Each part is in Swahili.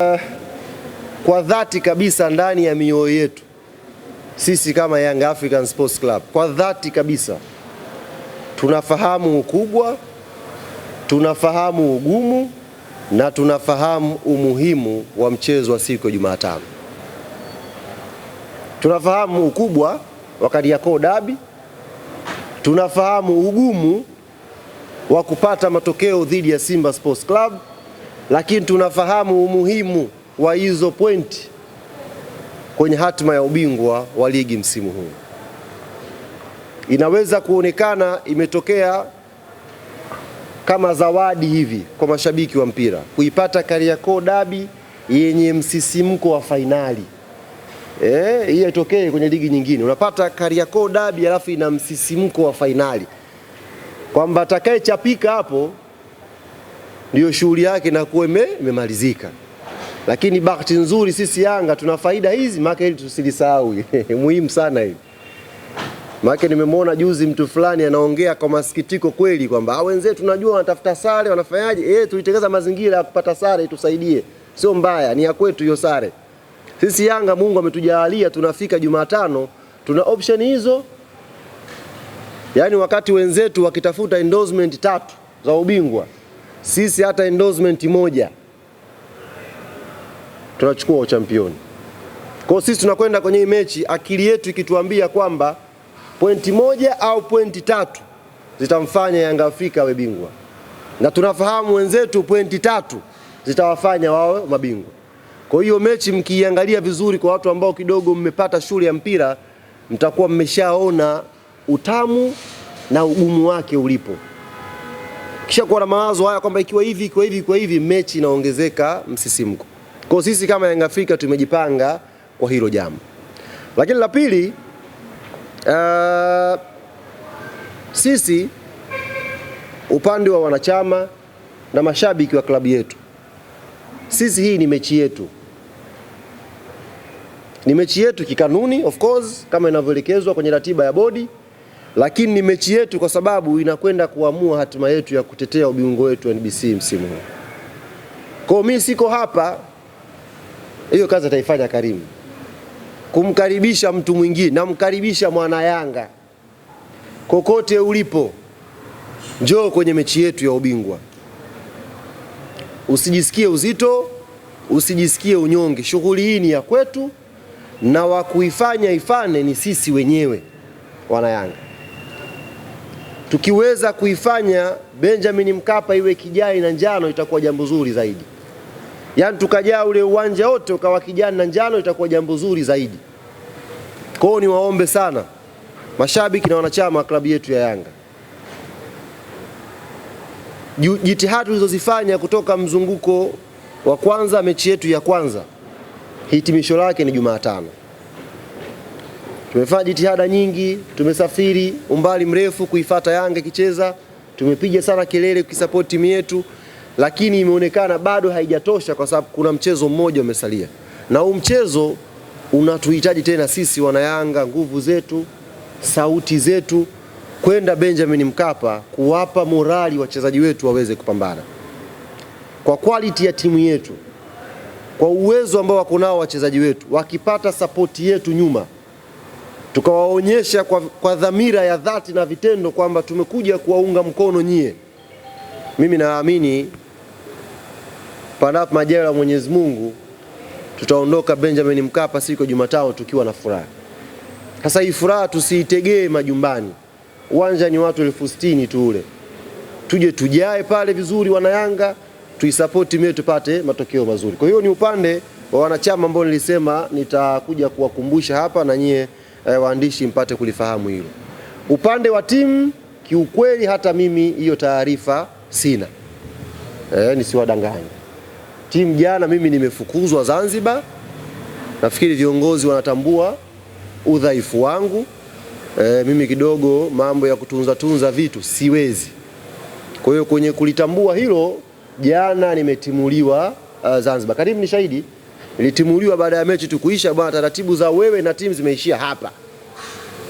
Uh, kwa dhati kabisa ndani ya mioyo yetu sisi kama Young African Sports Club, kwa dhati kabisa tunafahamu ukubwa, tunafahamu ugumu na tunafahamu umuhimu wa mchezo wa siku ya Jumatano. Tunafahamu ukubwa wa Kariakoo Dabi, tunafahamu ugumu wa kupata matokeo dhidi ya Simba Sports Club lakini tunafahamu umuhimu wa hizo pointi kwenye hatima ya ubingwa wa ligi msimu huu. Inaweza kuonekana imetokea kama zawadi hivi kwa mashabiki wa mpira kuipata Kariakoo dabi yenye msisimko wa fainali. Eh, hii itokee kwenye ligi nyingine, unapata Kariakoo dabi alafu ina msisimko wa fainali, kwamba atakayechapika hapo ndiyo shughuli yake inakuwa imemalizika. Lakini bahati nzuri sisi Yanga tuna faida hizi, maana ili tusilisahau, muhimu sana hili. Maana nimemwona juzi mtu fulani anaongea kwa masikitiko kweli kwamba ah, wenzetu tunajua wanatafuta sare wanafanyaje, eh, tulitengeza mazingira ya kupata sare itusaidie, sio mbaya, ni ya kwetu hiyo sare. Sisi Yanga Mungu ametujalia tunafika Jumatano tuna option hizo, yaani wakati wenzetu wakitafuta endorsement tatu za ubingwa sisi hata endorsement moja tunachukua uchampioni. Kwa hiyo sisi tunakwenda kwenye hii mechi akili yetu ikituambia kwamba pointi moja au pointi tatu zitamfanya Yanga Afrika awe bingwa, na tunafahamu wenzetu pointi tatu zitawafanya wao mabingwa. Kwa hiyo mechi mkiiangalia vizuri, kwa watu ambao kidogo mmepata shule ya mpira, mtakuwa mmeshaona utamu na ugumu wake ulipo kisha kuwa na mawazo haya kwamba ikiwa hivi ikiwa hivi kwa hivi, mechi inaongezeka msisimko. Kwa sisi kama Yanga Afrika tumejipanga kwa hilo jambo, lakini la pili uh, sisi upande wa wanachama na mashabiki wa klabu yetu, sisi hii ni mechi yetu, ni mechi yetu kikanuni, of course, kama inavyoelekezwa kwenye ratiba ya bodi lakini ni mechi yetu kwa sababu inakwenda kuamua hatima yetu ya kutetea ubingwa wetu wa NBC msimu huu. Kwa mimi siko hapa, hiyo kazi ataifanya Karimu, kumkaribisha mtu mwingine. Namkaribisha mwana Yanga kokote ulipo, njoo kwenye mechi yetu ya ubingwa. Usijisikie uzito, usijisikie unyonge. Shughuli hii ni ya kwetu, na wa kuifanya ifane ni sisi wenyewe wana Yanga. Tukiweza kuifanya Benjamin Mkapa iwe kijani na njano itakuwa jambo zuri zaidi. Yaani tukajaa ule uwanja wote ukawa kijani na njano itakuwa jambo zuri zaidi. Kwa hiyo niwaombe sana mashabiki na wanachama wa klabu yetu ya Yanga, jitihada tulizozifanya kutoka mzunguko wa kwanza, mechi yetu ya kwanza, hitimisho lake ni Jumatano. Tumefanya jitihada nyingi, tumesafiri umbali mrefu kuifata Yanga ikicheza, tumepiga sana kelele kuisapoti timu yetu, lakini imeonekana bado haijatosha, kwa sababu kuna mchezo mmoja umesalia, na huu mchezo unatuhitaji tena sisi wanayanga, nguvu zetu, sauti zetu, kwenda Benjamin Mkapa kuwapa morali wachezaji wetu waweze kupambana kwa quality ya timu yetu, kwa uwezo ambao wako nao wachezaji wetu, wakipata sapoti yetu nyuma tukawaonyesha kwa, kwa dhamira ya dhati na vitendo kwamba tumekuja kuwaunga mkono nyie. Mimi naamini panapo majaliwa ya Mwenyezi Mungu tutaondoka Benjamin Mkapa siku ya Jumatano tukiwa na furaha. Sasa hii furaha tusiitegee majumbani. Uwanja ni watu elfu sitini tu ule, tuje tujae pale vizuri, wanayanga tuisapoti mie tupate matokeo mazuri. Kwa hiyo ni upande wa wanachama ambao nilisema nitakuja kuwakumbusha hapa na nyie eh, waandishi mpate kulifahamu hilo. Upande wa timu kiukweli, hata mimi hiyo taarifa sina eh, nisiwadanganye. Timu jana mimi nimefukuzwa Zanzibar, nafikiri viongozi wanatambua udhaifu wangu. E, mimi kidogo mambo ya kutunza tunza vitu siwezi. Kwa hiyo kwenye kulitambua hilo, jana nimetimuliwa uh, Zanzibar. Karibu ni shahidi ilitimuliwa baada ya mechi tu kuisha. Bwana, taratibu za wewe na timu zimeishia hapa,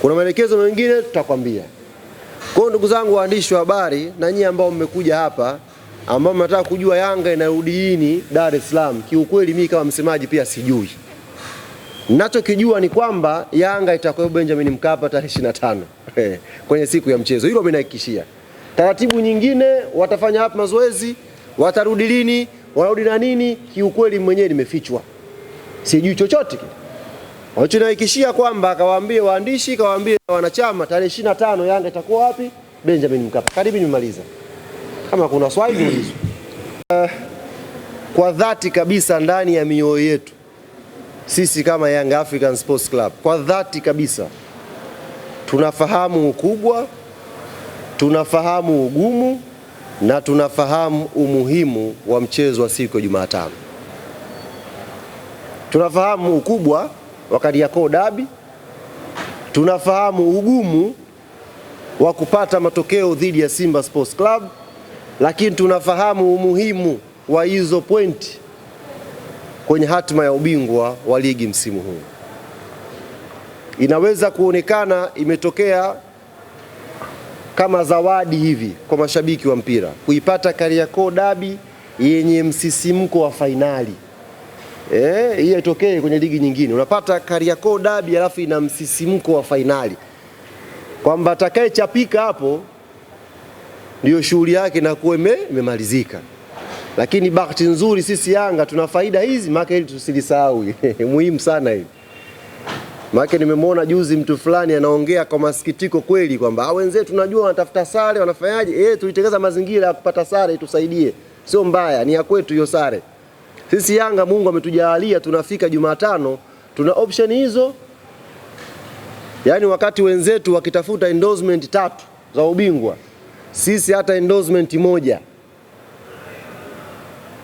kuna maelekezo mengine tutakwambia. Kwa ndugu zangu waandishi wa habari na nyinyi ambao mmekuja hapa ambao mnataka kujua Yanga inarudi lini Dar es Salaam, kiukweli mimi kama msemaji pia sijui. Ninachokijua ni kwamba Yanga itakuwa Benjamin Mkapa tarehe 25 eh, kwenye siku ya mchezo, hilo amenihakikishia. Taratibu nyingine watafanya hapa mazoezi, watarudi lini, warudi na nini, kiukweli mwenyewe nimefichwa sijui chochote kile. Walichonihakikishia kwamba kawaambie waandishi, kawaambie wanachama tarehe ishirini na tano Yanga itakuwa wapi? Benjamin Mkapa. Karibu nimemaliza. Kama kuna swali niulizwe. Uh, eh, kwa dhati kabisa ndani ya mioyo yetu sisi kama Young African Sports Club, kwa dhati kabisa tunafahamu ukubwa, tunafahamu ugumu na tunafahamu umuhimu wa mchezo wa siku ya Jumatano. Tunafahamu ukubwa wa Kariakoo Dabi, tunafahamu ugumu wa kupata matokeo dhidi ya Simba Sports Club, lakini tunafahamu umuhimu wa hizo pointi kwenye hatima ya ubingwa wa ligi msimu huu. Inaweza kuonekana imetokea kama zawadi hivi kwa mashabiki wa mpira kuipata Kariakoo Dabi yenye msisimko wa fainali eh, hii haitokee kwenye ligi nyingine. Unapata Kariakoo dabi alafu ina msisimko wa fainali kwamba atakaye chapika hapo ndiyo shughuli yake inakuwa imemalizika. Lakini bahati nzuri sisi Yanga tuna faida hizi, maana ili tusilisahau muhimu sana hili. Maana nimemwona juzi mtu fulani anaongea kwa masikitiko kweli kwamba ah, wenzetu tunajua wanatafuta sare wanafanyaje, eh, tulitengeza mazingira ya kupata sare, itusaidie, sio mbaya, ni ya kwetu hiyo sare. Sisi Yanga Mungu ametujaalia tunafika Jumatano tuna option hizo, yaani wakati wenzetu wakitafuta endorsement tatu za ubingwa, sisi hata endorsement moja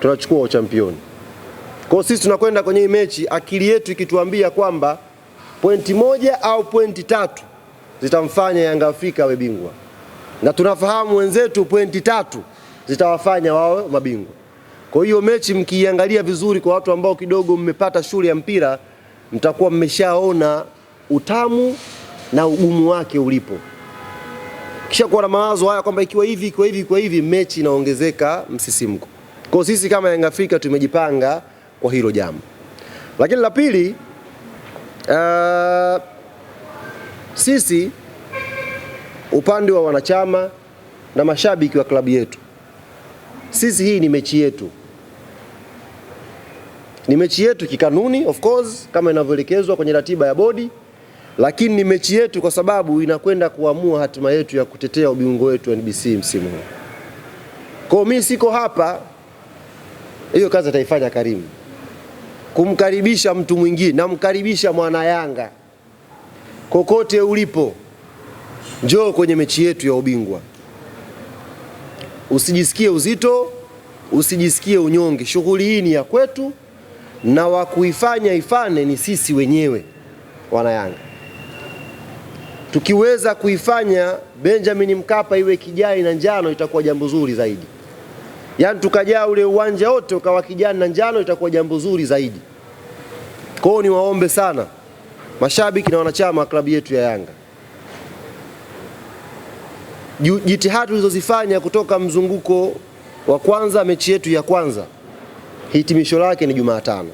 tunachukua uchampioni. Kwa sisi tunakwenda kwenye hii mechi akili yetu ikituambia kwamba pointi moja au pointi tatu zitamfanya Yanga Afrika awe bingwa, na tunafahamu wenzetu pointi tatu zitawafanya wawe mabingwa. Kwa hiyo mechi mkiiangalia vizuri, kwa watu ambao kidogo mmepata shule ya mpira, mtakuwa mmeshaona utamu na ugumu wake ulipo. Kisha kuwa na mawazo haya kwamba ikiwa hivi ikiwa hivi ikiwa hivi, mechi inaongezeka msisimko. Kwa sisi kama Yanga Afrika tumejipanga kwa hilo jambo, lakini la pili uh, sisi upande wa wanachama na mashabiki wa klabu yetu sisi hii ni mechi yetu, ni mechi yetu kikanuni, of course, kama inavyoelekezwa kwenye ratiba ya bodi, lakini ni mechi yetu kwa sababu inakwenda kuamua hatima yetu ya kutetea ubingwa wetu NBC msimu huu. Kwa mimi siko hapa, hiyo kazi ataifanya Karimu kumkaribisha mtu mwingine. Namkaribisha mwana Yanga, kokote ulipo, njoo kwenye mechi yetu ya ubingwa. Usijisikie uzito, usijisikie unyonge. Shughuli hii ni ya kwetu na wa kuifanya ifane ni sisi wenyewe Wanayanga. Tukiweza kuifanya Benjamin Mkapa iwe kijani na njano itakuwa jambo zuri zaidi. Yaani tukajaa ule uwanja wote ukawa kijani na njano itakuwa jambo zuri zaidi. Kwao niwaombe sana mashabiki na wanachama wa klabu yetu ya Yanga jitihada tulizozifanya kutoka mzunguko wa kwanza, mechi yetu ya kwanza, hitimisho lake ni Jumatano.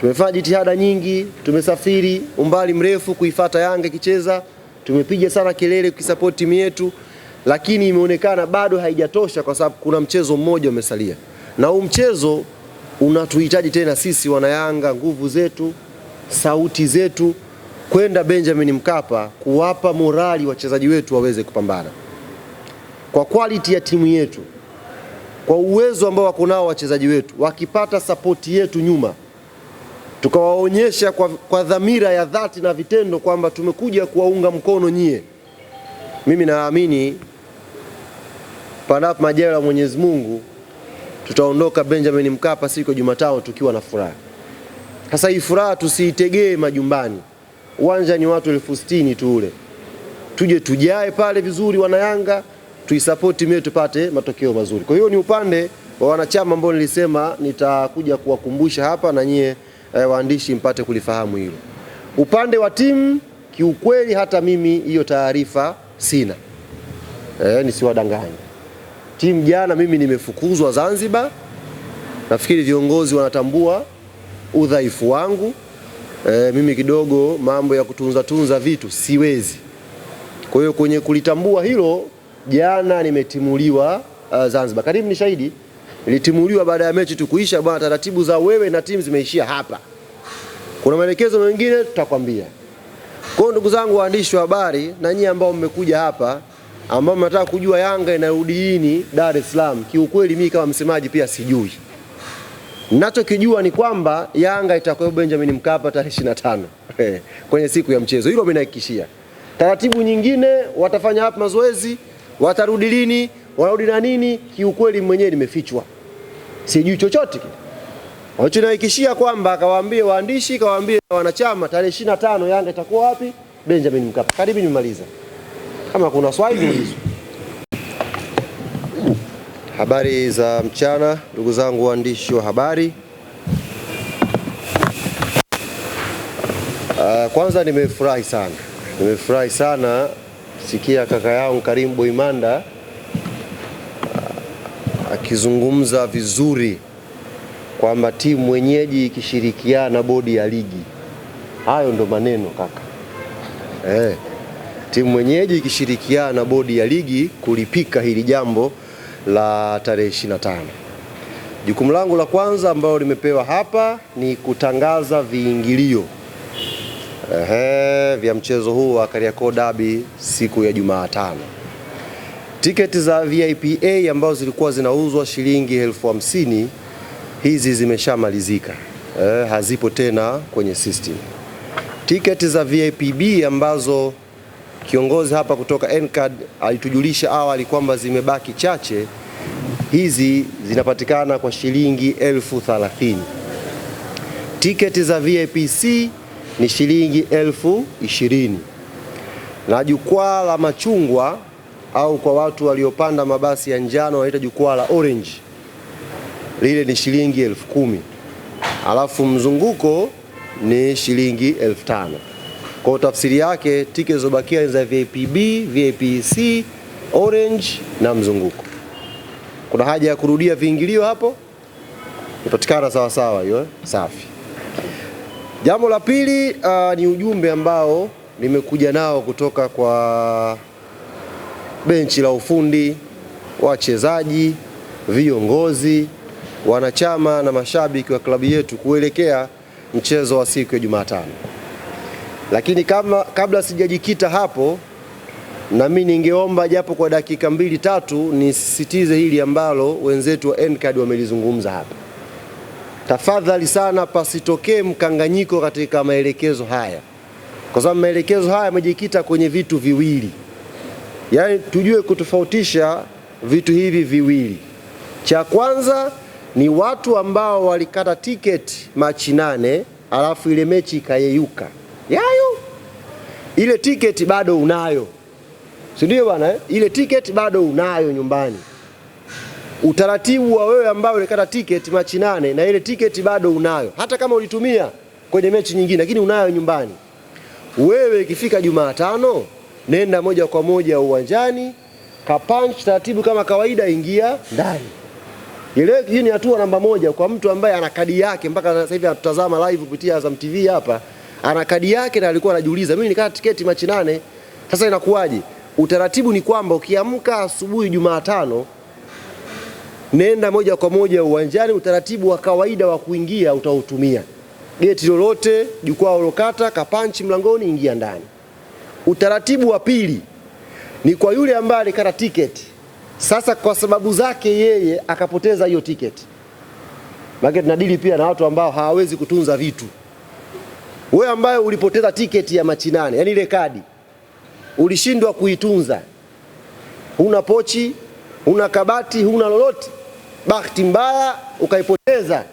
Tumefanya jitihada nyingi, tumesafiri umbali mrefu kuifata Yanga ikicheza, tumepiga sana kelele kuisapoti timu yetu, lakini imeonekana bado haijatosha, kwa sababu kuna mchezo mmoja umesalia, na huu mchezo unatuhitaji tena sisi wana Yanga, nguvu zetu, sauti zetu kwenda Benjamin Mkapa kuwapa morali wachezaji wetu waweze kupambana kwa quality ya timu yetu, kwa uwezo ambao wako nao wachezaji wetu, wakipata sapoti yetu nyuma, tukawaonyesha kwa, kwa dhamira ya dhati na vitendo kwamba tumekuja kuwaunga mkono nyie. Mimi naamini panapo majaliwa ya Mwenyezi Mungu tutaondoka Benjamin Mkapa siku ya Jumatano tukiwa na furaha. Sasa hii furaha tusiitegee majumbani uwanja ni watu elfu sitini tu ule, tuje tujae pale vizuri, wanayanga tuisapoti mie tupate matokeo mazuri. Kwa hiyo ni upande wa wanachama ambao nilisema nitakuja kuwakumbusha hapa na nyie eh, waandishi mpate kulifahamu hilo. Upande wa timu kiukweli, hata mimi hiyo taarifa sina eh, nisiwadanganye. Timu jana mimi nimefukuzwa Zanzibar, nafikiri viongozi wanatambua udhaifu wangu e, mimi kidogo mambo ya kutunza tunza vitu siwezi. Kwa hiyo kwenye kulitambua hilo, jana nimetimuliwa uh, Zanzibar. Karibu ni shahidi, nilitimuliwa baada ya mechi tu kuisha, bwana, taratibu za wewe na timu zimeishia hapa, kuna maelekezo mengine tutakwambia. Kwa ndugu zangu waandishi wa habari na nyie ambao mmekuja hapa ambao mnataka kujua Yanga inarudi lini Dar es Salaam, kiukweli mimi kama msemaji pia sijui. Nachokijua ni kwamba Yanga itakuwa Benjamin Mkapa tarehe 25 eh, kwenye siku ya mchezo, hilo mimi Taratibu nyingine watafanya hapa mazoezi, watarudi lini, warudi na nini, kiukweli mwenyewe nimefichwa, sijui chochote kile. Naikishia kwamba kawaambie waandishi, kawaambie wanachama, tarehe 25 Yanga itakuwa wapi? Benjamin Mkapa. Karibu nimemaliza, kama kuna swali Habari za mchana ndugu zangu waandishi wa habari. Uh, kwanza nimefurahi sana, nimefurahi sana sikia kaka yangu Karim Boimanda uh, akizungumza vizuri kwamba timu mwenyeji ikishirikiana na bodi ya ligi. Hayo ndo maneno kaka eh, timu mwenyeji ikishirikiana na bodi ya ligi kulipika hili jambo la tarehe 25. Jukumu langu la kwanza ambalo limepewa hapa ni kutangaza viingilio ehe, vya mchezo huu wa Kariakoo Derby siku ya Jumatano. Tiketi za VIP A ambazo zilikuwa zinauzwa shilingi elfu hamsini hizi zimeshamalizika, eh, hazipo tena kwenye system. Tiketi za VIP B ambazo Kiongozi hapa kutoka NCAD alitujulisha awali kwamba zimebaki chache, hizi zinapatikana kwa shilingi elfu thalathini. Tiketi za vipc ni shilingi elfu ishirini na jukwaa la machungwa au kwa watu waliopanda mabasi ya njano wanaita jukwaa la orange, lile ni shilingi elfu kumi alafu mzunguko ni shilingi elfu tano. Kwa tafsiri yake tiketi zilizobakia za VIP B, VIP C, Orange na mzunguko. Kuna haja ya kurudia viingilio hapo? Ipatikana sawa sawa hiyo, eh? safi. Jambo la pili uh, ni ujumbe ambao nimekuja nao kutoka kwa benchi la ufundi, wachezaji, viongozi, wanachama na mashabiki wa klabu yetu kuelekea mchezo wa siku ya Jumatano. Lakini kama, kabla sijajikita hapo, na mimi ningeomba japo kwa dakika mbili tatu nisisitize hili ambalo wenzetu wa NCAD wamelizungumza hapa. Tafadhali sana, pasitokee mkanganyiko katika maelekezo haya, kwa sababu maelekezo haya yamejikita kwenye vitu viwili, yaani tujue kutofautisha vitu hivi viwili. Cha kwanza ni watu ambao walikata tiketi Machi nane alafu ile mechi ikayeyuka yayo, ile tiketi bado unayo, si ndio bwana eh? Ile tiketi bado unayo nyumbani. Utaratibu wa wewe ambao ulikata tiketi Machi nane na ile tiketi bado unayo, hata kama ulitumia kwenye mechi nyingine, lakini unayo nyumbani. Wewe ikifika Jumatano, nenda moja kwa moja uwanjani, kapunch taratibu kama kawaida, ingia ndani. Ile hii ni hatua namba moja kwa mtu ambaye ana kadi yake mpaka sasa hivi atutazama live kupitia Azam TV hapa ana kadi yake na alikuwa anajiuliza mimi nikata tiketi Machi nane, sasa inakuwaje? Utaratibu ni kwamba ukiamka asubuhi Jumatano, nenda moja kwa moja uwanjani, utaratibu wa kawaida wa kuingia utautumia geti lolote, jukwaa ulokata, kapanchi mlangoni, ingia ndani. Utaratibu wa pili ni kwa yule ambaye alikata tiketi, sasa kwa sababu zake yeye akapoteza hiyo tiketi, maana tunadili pia na watu ambao hawawezi kutunza vitu. Wewe ambaye ulipoteza tiketi ya Machi nane, yani ile kadi ulishindwa kuitunza, huna pochi, huna kabati, huna lolote, bahati mbaya ukaipoteza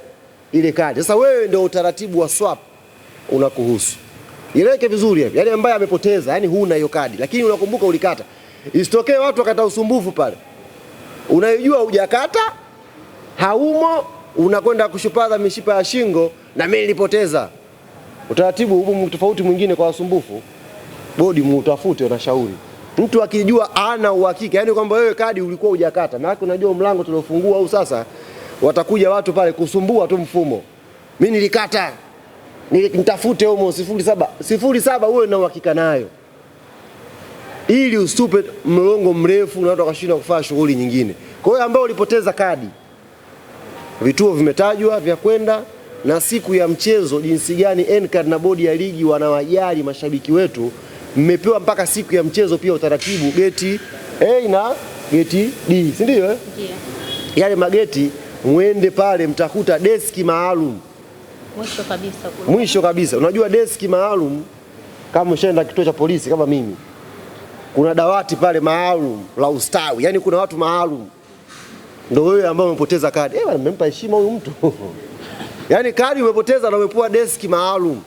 ile kadi. Sasa wewe ndio utaratibu wa swap unakuhusu. Ileke vizuri hapo, yani ambaye amepoteza, yani huna hiyo kadi, lakini unakumbuka ulikata, isitokee watu wakata usumbufu pale, unayojua hujakata, haumo, unakwenda kushupaza mishipa ya shingo, na mimi nilipoteza. Utaratibu hubu tofauti mwingine kwa wasumbufu, bodi muutafute, unashauri mtu akijua ana uhakika, yani kwamba wewe kadi ulikuwa hujakata, maana unajua mlango tuliofungua au sasa watakuja watu pale kusumbua tu mfumo. Mimi nilikata, nitafute humo sifuri saba sifuri saba, uwe na uhakika nayo, ili usitupe mlongo mrefu na watu wakashindwa kufanya shughuli nyingine. Kwa hiyo ambao ulipoteza kadi, vituo vimetajwa vya kwenda na siku ya mchezo, jinsi gani NCAD na bodi ya ligi wanawajali mashabiki wetu. Mmepewa mpaka siku ya mchezo pia utaratibu geti A na geti D, si ndio eh? Yeah. Yale mageti mwende pale, mtakuta deski maalum mwisho kabisa, mwisho kabisa. Unajua deski maalum kama ushaenda kituo cha polisi kama mimi, kuna dawati pale maalum la ustawi, yaani kuna watu maalum ndio wewe ambao umepoteza kadi. Eh, amempa heshima huyu mtu Yaani kadi umepoteza na umepewa deski maalum.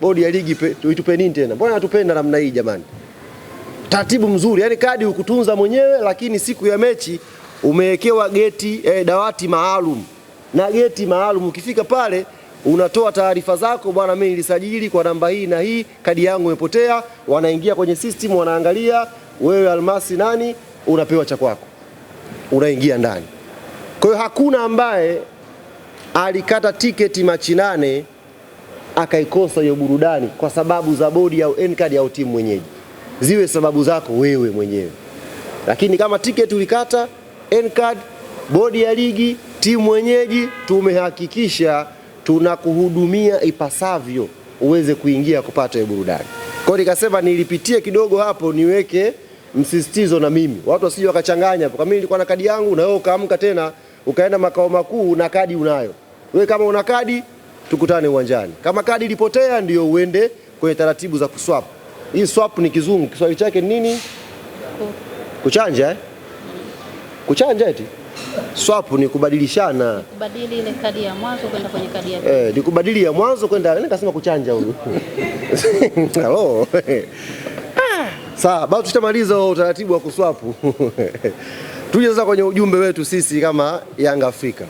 Bodi ya ligi tuitupe nini tena? Mbona hatupenda namna hii jamani? Taratibu mzuri, yaani kadi ukutunza mwenyewe, lakini siku ya mechi umewekewa geti eh, dawati maalum na geti maalum. Ukifika pale unatoa taarifa zako, bwana, mimi nilisajili kwa namba hii na hii, kadi yangu imepotea. Wanaingia kwenye system, wanaangalia wewe Almasi nani, unapewa cha kwako, unaingia ndani. Kwa hiyo hakuna ambaye alikata tiketi Machi nane akaikosa hiyo burudani kwa sababu za bodi au Ncard au timu mwenyeji, ziwe sababu zako wewe mwenyewe. Lakini kama tiketi ulikata Ncard, bodi ya ligi, timu mwenyeji, tumehakikisha tunakuhudumia ipasavyo uweze kuingia kupata hiyo burudani. Kwa hiyo nikasema nilipitie kidogo hapo niweke msisitizo na mimi, watu wasije wakachanganya. Kwa mimi nilikuwa na kadi yangu, na wewe ukaamka tena ukaenda makao makuu na kadi unayo. Wewe kama una kadi tukutane uwanjani. Kama kadi ilipotea ndio uende kwenye taratibu za kuswap. Hii swap ni kizungu, Kiswahili chake ni nini? Kuchanja eh? Kuchanja eti? Swap ni kubadilishana. Kubadili ile kadi ya mwanzo kwenda kwenye kadi ya pili. Eh, ni kubadili ya mwanzo kwenda, kasema kuchanja huyu. Hello. Sawa, bado tutamaliza utaratibu wa kuswapu. Tuje sasa kwenye ujumbe wetu sisi kama Young africa